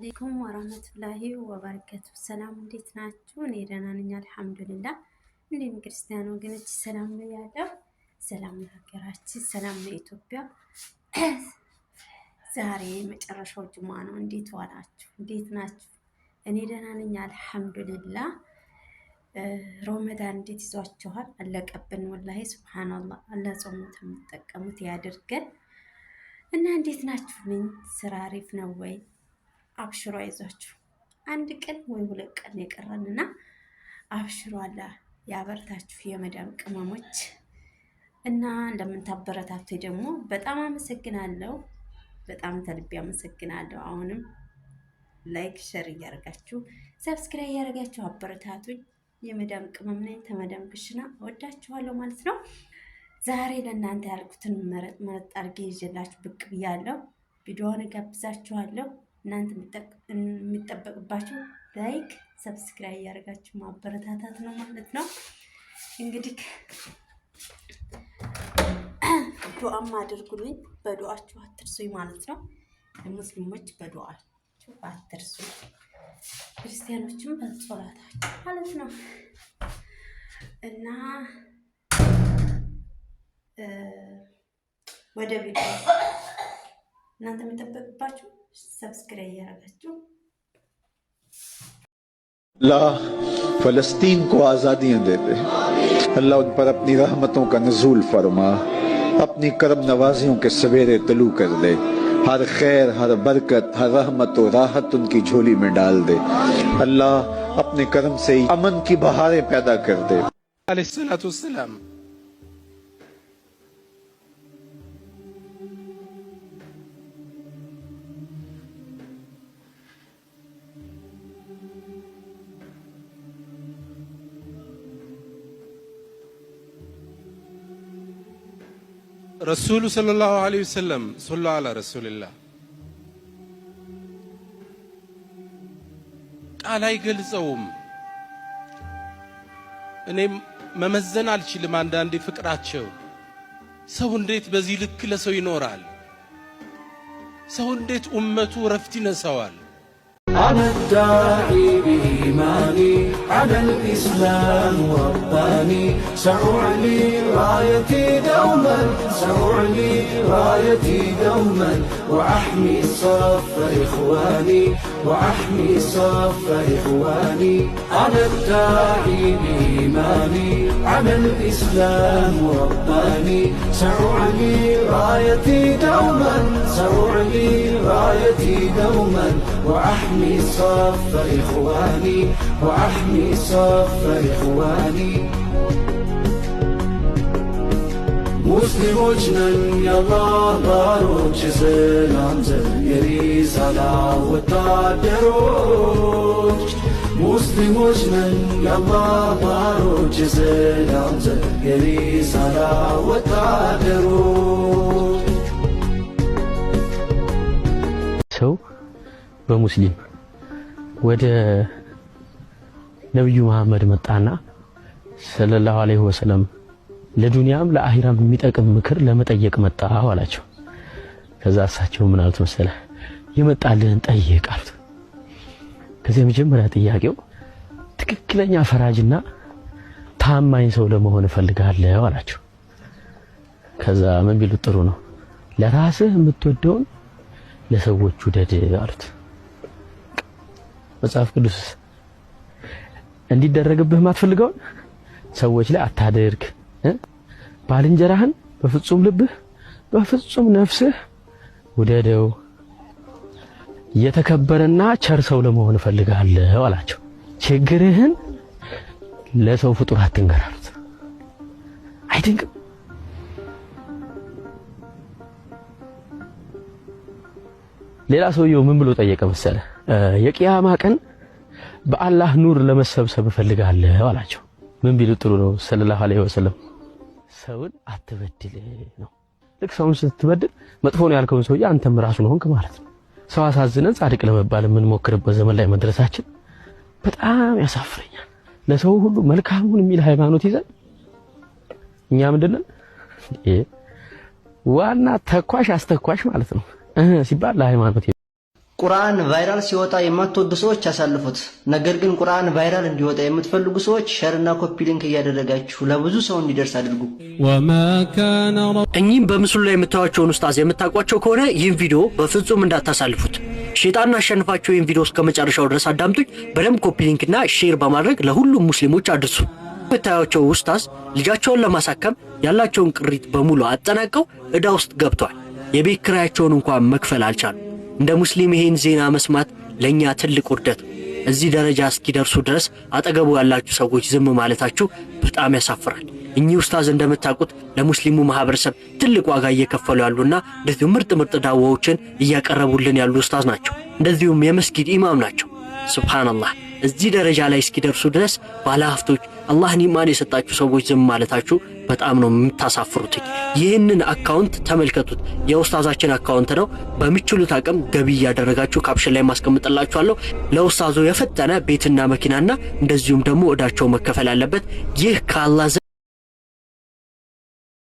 አለይኩም ወራህመቱላሂ ወበረከቱ። ሰላም እንዴት ናችሁ? እኔ ደህና ነኝ አልሐምዱሊላህ። እንዲሁም ክርስቲያን ወገኖች ሰላም ነው ያለው፣ ሰላም ለሀገራችን ሰላም ለኢትዮጵያ ዛሬ መጨረሻው ጅማ ነው። እንዴት ዋላችሁ? እንዴት ናችሁ? እኔ ደህና ነኝ አልሐምዱሊላህ። ሮመዳን እንዴት ይዟችኋል? አለቀብን ወላሂ ሱብሃነላህ። ለጾሙት የምጠቀሙት ያድርገን እና እንዴት ናችሁ? ምን ስራ አሪፍ ነው ወይ? አብሽሮ ይዟችሁ አንድ ቀን ወይ ሁለት ቀን የቀረንና አብሽሮ ያበርታችሁ የመዳም ቅመሞች እና እንደምታበረታቱ ደግሞ በጣም አመሰግናለሁ። በጣም ተልቤ አመሰግናለሁ። አሁንም ላይክ፣ ሸር እያደረጋችሁ ሰብስክራይብ እያደረጋችሁ አበረታቱኝ። የመዳም ቅመም ነኝ ተመዳም ክሽና ወዳችኋለሁ ማለት ነው። ዛሬ ለእናንተ ያልኩትን መረጥ መረጥ አድርጌ ይዤላችሁ ብቅ ብያለሁ። ቪዲዮውን ጋብዛችኋለሁ። እናንተ የሚጠበቅባችሁ ላይክ፣ ሰብስክራይብ ያደርጋችሁ ማበረታታት ነው ማለት ነው። እንግዲህ ዱዓም አድርጉልኝ፣ በዱዓችሁ አትርሱኝ ማለት ነው። ለሙስሊሞች በዱዓችሁ አትርሱኝ፣ ክርስቲያኖችም በጸሎታችሁ ማለት ነው እና ወደ ቤት እናንተ የሚጠበቅባችሁ اللہ فلسطین کو آزادیاں دے دے اللہ ان پر اپنی رحمتوں کا نزول فرما اپنی کرم نوازیوں کے سویرے طلوع کر دے ہر خیر ہر برکت ہر رحمت و راحت ان کی جھولی میں ڈال دے اللہ اپنے کرم سے امن کی بہاریں پیدا کر دے علیہ السلام ረሱሉ ሰለላሁ ዐለይሂ ወሰለም ሶሉ አላ ረሱልላህ ቃል አይገልጸውም። እኔም መመዘን አልችልም። አንዳንዴ ፍቅራቸው ሰው እንዴት በዚህ ልክ ለሰው ይኖራል? ሰው እንዴት ኡመቱ እረፍት ይነሳዋል? إيماني على الإسلام رباني سأعلي رايتي دوما سأعلي رايتي دوما وأحمي صف إخواني وأحمي صف إخواني على الداعي بإيماني على الإسلام رباني سأعلي رايتي دوما سأعلي رايتي دوما وأحمي صف إخواني وأحمي صف إخواني مسلم جنن يا الله بارو جزلانز يريزالا وتادروج مسلم جنن يا الله بارو جزلانز يريزالا وتادروج سو بمسلم ወደ ነብዩ መሐመድ መጣና ሰለላሁ ዐለይሂ ወሰለም ለዱንያም ለአሂራም የሚጠቅም ምክር ለመጠየቅ መጣ አላቸው። ከዛ እሳቸው ምን አሉት መሰለ የመጣልህን ጠይቅ አሉት። ከዚህ የመጀመሪያ ጥያቄው ትክክለኛ ፈራጅና ታማኝ ሰው ለመሆን እፈልጋለሁ አላቸው። ከዛ ምን ቢሉት ጥሩ ነው ለራስህ የምትወደውን ለሰዎች ውደድ አሉት። መጽሐፍ ቅዱስ እንዲደረግብህ ማትፈልገውን ሰዎች ላይ አታድርግ። ባልንጀራህን በፍጹም ልብህ በፍጹም ነፍስህ ውደደው። የተከበረና ቸር ሰው ለመሆን እፈልጋለሁ አላቸው። ችግርህን ለሰው ፍጡር አትንገራሉት። አይደንቅም? ሌላ ሰውየው ምን ብሎ ጠየቀ መሰለ የቂያማ ቀን በአላህ ኑር ለመሰብሰብ እፈልጋለሁ አላቸው። ምን ቢሉ ጥሩ ነው? ሰለላሁ ዐለይሂ ወሰለም ሰውን አትበድል ነው። ልክ ሰውን ስትበድል መጥፎ ነው ያልከውን ሰውዬ አንተም ራሱ ነው ሆንክ ማለት ነው። ሰው አሳዝነን ጻድቅ ለመባል የምንሞክርበት ዘመን ላይ መድረሳችን በጣም ያሳፍረኛል። ለሰው ሁሉ መልካሙን የሚል ሃይማኖት ይዘን እኛ ምንድነው ዋና ተኳሽ አስተኳሽ ማለት ነው ሲባል ለሃይማኖት ቁርአን ቫይራል ሲወጣ የማትወዱ ሰዎች አሳልፉት። ነገር ግን ቁርአን ቫይራል እንዲወጣ የምትፈልጉ ሰዎች ሸርና ኮፒ ሊንክ እያደረጋችሁ ለብዙ ሰው እንዲደርስ አድርጉ። እኚህም በምስሉ ላይ የምታዩቸውን ኡስታዝ የምታውቋቸው ከሆነ ይህን ቪዲዮ በፍጹም እንዳታሳልፉት። ሼጣን አሸንፋቸው ይህን ቪዲዮ እስከ መጨረሻው ድረስ አዳምጡኝ። በደንብ ኮፒ ሊንክና ሼር በማድረግ ለሁሉም ሙስሊሞች አድርሱ። የምታዩቸው ኡስታዝ ልጃቸውን ለማሳከም ያላቸውን ቅሪት በሙሉ አጠናቀው እዳ ውስጥ ገብተዋል። የቤት ክራያቸውን እንኳን መክፈል አልቻሉ። እንደ ሙስሊም ይሄን ዜና መስማት ለእኛ ትልቅ ውርደት። እዚህ ደረጃ እስኪደርሱ ድረስ አጠገቡ ያላችሁ ሰዎች ዝም ማለታችሁ በጣም ያሳፍራል። እኚህ ኡስታዝ እንደምታውቁት ለሙስሊሙ ማህበረሰብ ትልቅ ዋጋ እየከፈሉ ያሉና እንደዚሁ ምርጥ ምርጥ ዳዋዎችን እያቀረቡልን ያሉ ኡስታዝ ናቸው። እንደዚሁም የመስጊድ ኢማም ናቸው። ሱብሃነላህ እዚህ ደረጃ ላይ እስኪደርሱ ድረስ ባለሀብቶች፣ አላህን ኢማን የሰጣችሁ ሰዎች ዝም ማለታችሁ በጣም ነው የምታሳፍሩት ይህንን አካውንት ተመልከቱት፣ የውስታዛችን አካውንት ነው። በሚችሉት አቅም ገቢ እያደረጋችሁ ካፕሽን ላይ ማስቀምጥላችኋለሁ። ለውስታዞ የፈጠነ ቤትና መኪናና እንደዚሁም ደግሞ እዳቸው መከፈል አለበት። ይህ ካላዘ